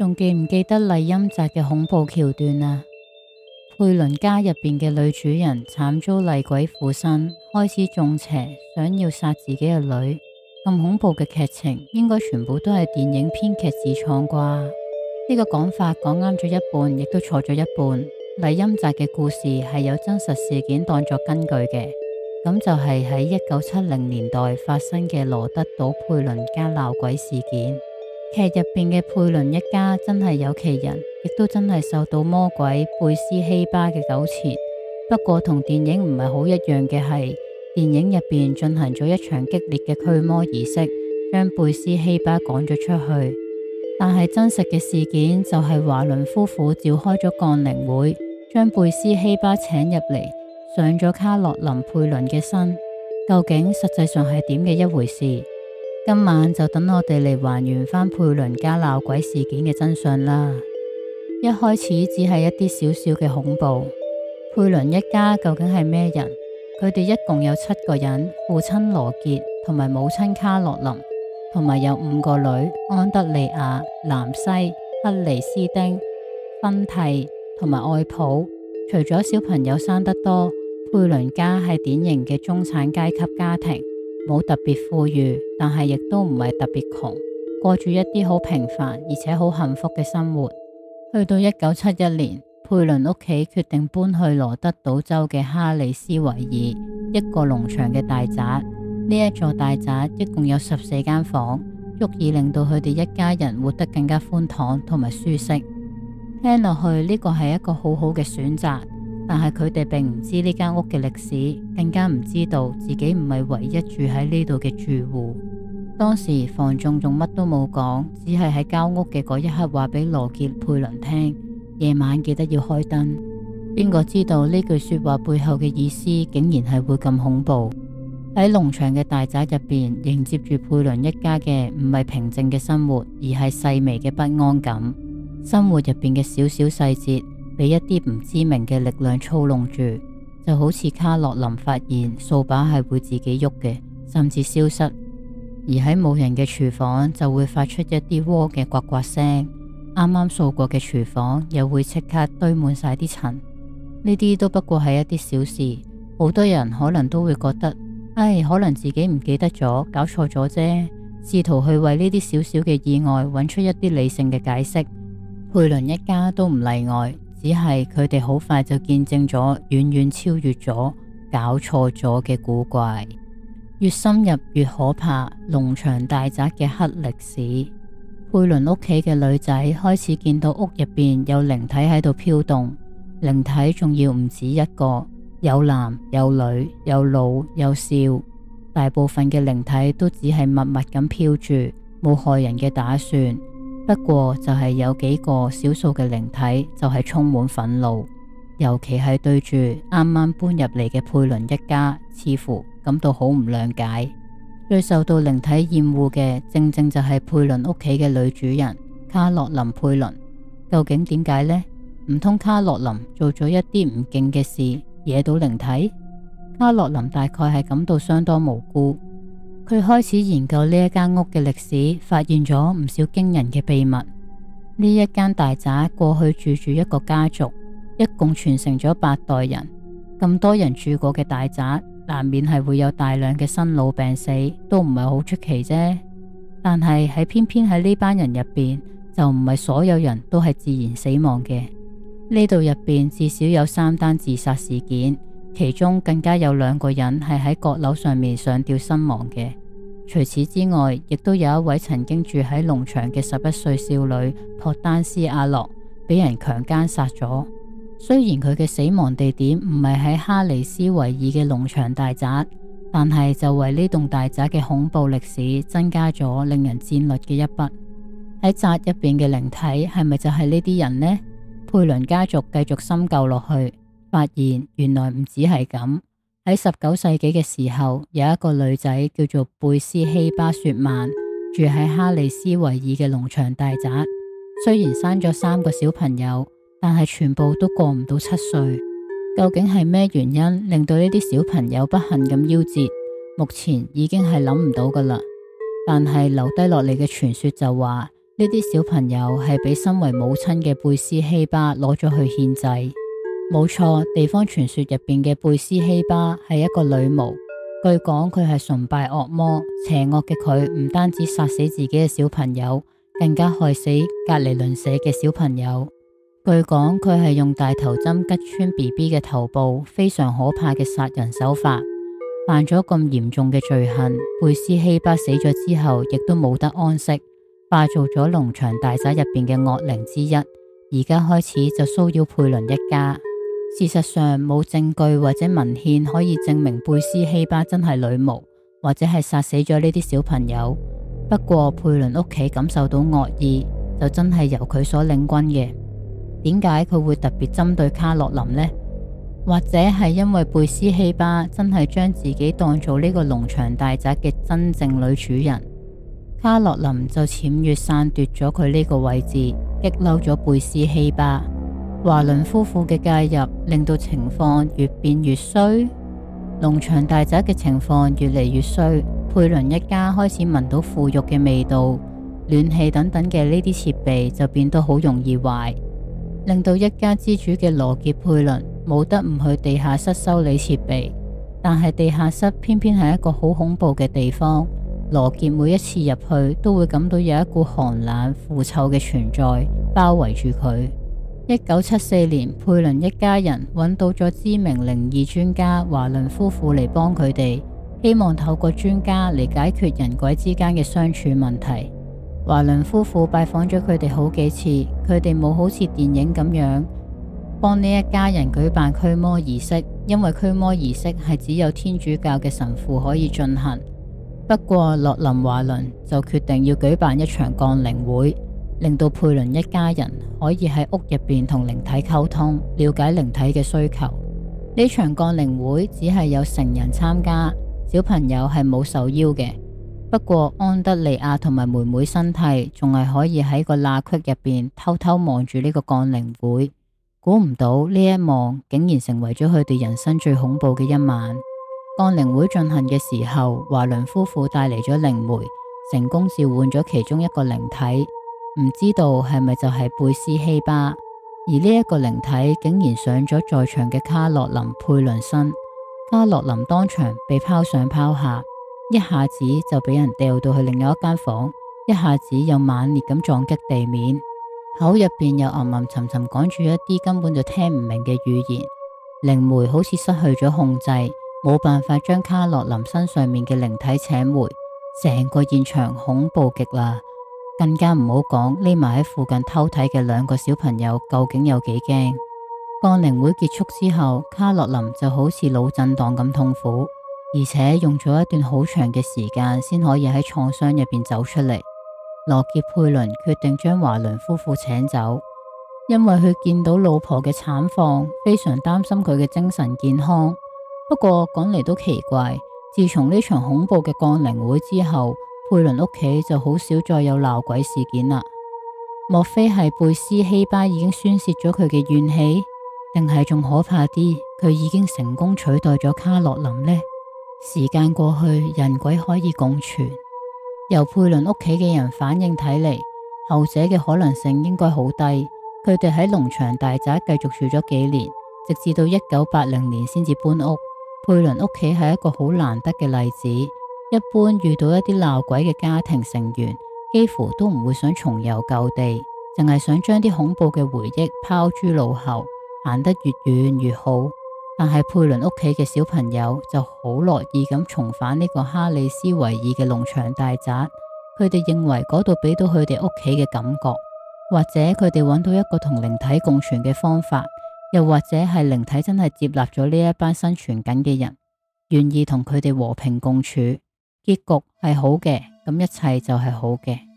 仲記唔記得厲陰宅嘅恐怖橋段啊？佩倫家入邊嘅女主人慘遭厲鬼附身，開始中邪，想要殺自己嘅女。咁恐怖嘅劇情應該全部都係電影編劇自創啩？呢個講法講啱咗一半，亦都錯咗一半。厲陰宅嘅故事係有真實事件當作根據嘅，咁就係喺一九七零年代發生嘅羅德島佩倫家鬧鬼事件。劇入邊嘅佩倫一家真係有其人，亦都真係受到魔鬼貝斯希巴嘅糾纏。不過同電影唔係好一樣嘅係，電影入邊進行咗一場激烈嘅驅魔儀式，將貝斯希巴趕咗出去。但係真實嘅事件就係華倫夫婦召開咗降靈會，將貝斯希巴請入嚟，上咗卡洛琳佩倫嘅身。究竟實際上係點嘅一回事？今晚就等我哋嚟還原翻佩倫家鬧鬼事件嘅真相啦！一開始只係一啲少少嘅恐怖。佩倫一家究竟係咩人？佢哋一共有七個人，父親羅杰同埋母親卡洛琳，同埋有五個女：安德利亞、南西、克里斯汀、芬蒂同埋愛普。除咗小朋友生得多，佩倫家係典型嘅中產階級家庭。冇特別富裕，但係亦都唔係特別窮，過住一啲好平凡而且好幸福嘅生活。去到一九七一年，佩倫屋企決定搬去羅德島州嘅哈里斯維爾，一個農場嘅大宅。呢一座大宅一共有十四間房，足以令到佢哋一家人活得更加寬敞同埋舒適。聽落去，呢個係一個好好嘅選擇。但係佢哋並唔知呢間屋嘅歷史，更加唔知道自己唔係唯一住喺呢度嘅住戶。當時房仲仲乜都冇講，只係喺交屋嘅嗰一刻話俾羅傑佩倫聽：夜晚記得要開燈。邊個知道呢句說話背後嘅意思，竟然係會咁恐怖？喺農場嘅大宅入面，迎接住佩倫一家嘅唔係平靜嘅生活，而係細微嘅不安感。生活入面嘅小小細節，畀一啲唔知名嘅力量操弄住，就好似卡洛琳發現掃把係會自己喐嘅，甚至消失；而喺冇人嘅廚房就會發出一啲鑊嘅刮刮聲。啱啱掃過嘅廚房又會即刻堆滿晒啲塵。呢啲都不過係一啲小事，好多人可能都會覺得，唉，可能自己唔記得咗，搞錯咗啫，試圖去為呢啲小小嘅意外搵出一啲理性嘅解釋。佩倫一家都唔例外。只係佢哋好快就見證咗，遠遠超越咗搞錯咗嘅古怪，越深入越可怕。農場大宅嘅黑歷史，佩倫屋企嘅女仔開始見到屋入邊有靈體喺度飄動，靈體仲要唔止一個，有男有女有老有少，大部分嘅靈體都只係默默咁飄住，冇害人嘅打算。不過就係有幾個少數嘅靈體就係充滿憤怒，尤其係對住啱啱搬入嚟嘅佩倫一家，似乎感到好唔諒解。最受到靈體厭惡嘅，正正就係佩倫屋企嘅女主人卡洛琳佩倫。究竟點解呢？唔通卡洛琳做咗一啲唔敬嘅事，惹到靈體？卡洛琳大概係感到相當無辜。佢開始研究呢一間屋嘅歷史，發現咗唔少驚人嘅秘密。呢一間大宅過去住住一個家族，一共傳承咗八代人。咁多人住過嘅大宅，難免係會有大量嘅生老病死，都唔係好出奇啫。但係喺偏偏喺呢班人入面，就唔係所有人都係自然死亡嘅。呢度入面至少有三單自殺事件，其中更加有兩個人係喺閣樓上面上吊身亡嘅。除此之外，亦都有一位曾經住喺農場嘅十一歲少女珀丹斯阿洛俾人強姦殺咗。雖然佢嘅死亡地點唔係喺哈里斯維爾嘅農場大宅，但係就為呢棟大宅嘅恐怖歷史增加咗令人戰慄嘅一筆。喺宅入面嘅靈體係咪就係呢啲人呢？佩倫家族繼續深究落去，發現原來唔止係咁。喺十九世紀嘅時候，有一個女仔叫做貝絲希芭雪曼，住喺哈里斯維爾嘅農場大宅。雖然生咗三個小朋友，但係全部都過唔到七歲。究竟係咩原因令到呢啲小朋友不幸咁夭折？目前已經係諗唔到噶啦。但係留低落嚟嘅傳說就話，呢啲小朋友係俾身為母親嘅貝絲希芭攞咗去獻祭。冇錯，地方傳說入面嘅貝絲希芭係一個女巫。據講佢係崇拜惡魔邪惡嘅佢，唔單止殺死自己嘅小朋友，更加害死隔籬鄰舍嘅小朋友。據講佢係用大頭針吉穿 BB 嘅頭部，非常可怕嘅殺人手法。犯咗咁嚴重嘅罪行，貝絲希芭死咗之後，亦都冇得安息，化作咗農場大宅入面嘅惡靈之一。而家開始就騷擾佩倫一家。事實上冇證據或者文獻可以證明貝斯希巴真係女巫，或者係殺死咗呢啲小朋友。不過佩倫屋企感受到惡意，就真係由佢所領軍嘅。點解佢會特別針對卡洛琳呢？或者係因為貝斯希巴真係將自己當做呢個農場大宅嘅真正女主人，卡洛琳就僭越篡奪咗佢呢個位置，激嬲咗貝斯希巴華倫夫婦嘅介入，令到情況越變越衰。農場大宅嘅情況越嚟越衰，佩倫一家開始聞到腐肉嘅味道。暖氣等等嘅呢啲設備就變得好容易壞，令到一家之主嘅羅傑佩倫冇得唔去地下室修理設備。但係地下室偏偏係一個好恐怖嘅地方，羅杰每一次入去都會感到有一股寒冷、腐臭嘅存在，包圍住佢。一九七四年，佩倫一家人搵到咗知名靈異專家華倫夫婦嚟幫佢哋，希望透過專家嚟解決人鬼之間嘅相處問題。華倫夫婦拜訪咗佢哋好幾次，佢哋冇好似電影咁樣幫呢一家人舉辦驅魔儀式，因為驅魔儀式係只有天主教嘅神父可以進行。不過，洛林華倫就決定要舉辦一場降靈會。令到佩倫一家人可以喺屋入邊同靈體溝通，了解靈體嘅需求。呢場降靈會只係有成人參加，小朋友係冇受邀嘅。不過安德利亞同埋妹妹身體仲係可以喺個罅隙入邊偷偷望住呢個降靈會。估唔到呢一望竟然成為咗佢哋人生最恐怖嘅一晚。降靈會進行嘅時候，華倫夫婦帶嚟咗靈媒，成功召喚咗其中一個靈體。唔知道係咪就係貝絲希芭，而呢一個靈體竟然上咗在場嘅卡洛琳佩倫身，卡洛琳當場被拋上拋下，一下子就俾人掉到去另一間房，一下子又猛烈咁撞擊地面，口入邊又吟吟沉沉講住一啲根本就聽唔明嘅語言，靈媒好似失去咗控制，冇辦法將卡洛琳身上面嘅靈體請回，成個現場恐怖極啦。更加唔好講，匿埋喺附近偷睇嘅兩個小朋友究竟有幾驚？降靈會結束之後，卡洛琳就好似腦震盪咁痛苦，而且用咗一段好長嘅時間先可以喺創傷入邊走出嚟。羅傑佩倫決定將華倫夫婦請走，因為佢見到老婆嘅慘況，非常擔心佢嘅精神健康。不過講嚟都奇怪，自從呢場恐怖嘅降靈會之後。佩倫屋企就好少再有鬧鬼事件啦。莫非係貝斯希芭已經宣洩咗佢嘅怨氣，定係仲可怕啲？佢已經成功取代咗卡洛琳呢？時間過去，人鬼可以共存。由佩倫屋企嘅人反應睇嚟，後者嘅可能性應該好低。佢哋喺農場大宅繼續住咗幾年，直至到一九八零年先至搬屋。佩倫屋企係一個好難得嘅例子。一般遇到一啲鬧鬼嘅家庭成員，幾乎都唔會想重遊舊地，淨係想將啲恐怖嘅回憶拋諸腦後，行得越遠越好。但係佩倫屋企嘅小朋友就好樂意咁重返呢個哈里斯維爾嘅農場大宅，佢哋認為嗰度俾到佢哋屋企嘅感覺，或者佢哋搵到一個同靈體共存嘅方法，又或者係靈體真係接納咗呢一班生存緊嘅人，願意同佢哋和平共處。結局係好嘅，咁一切就係好嘅。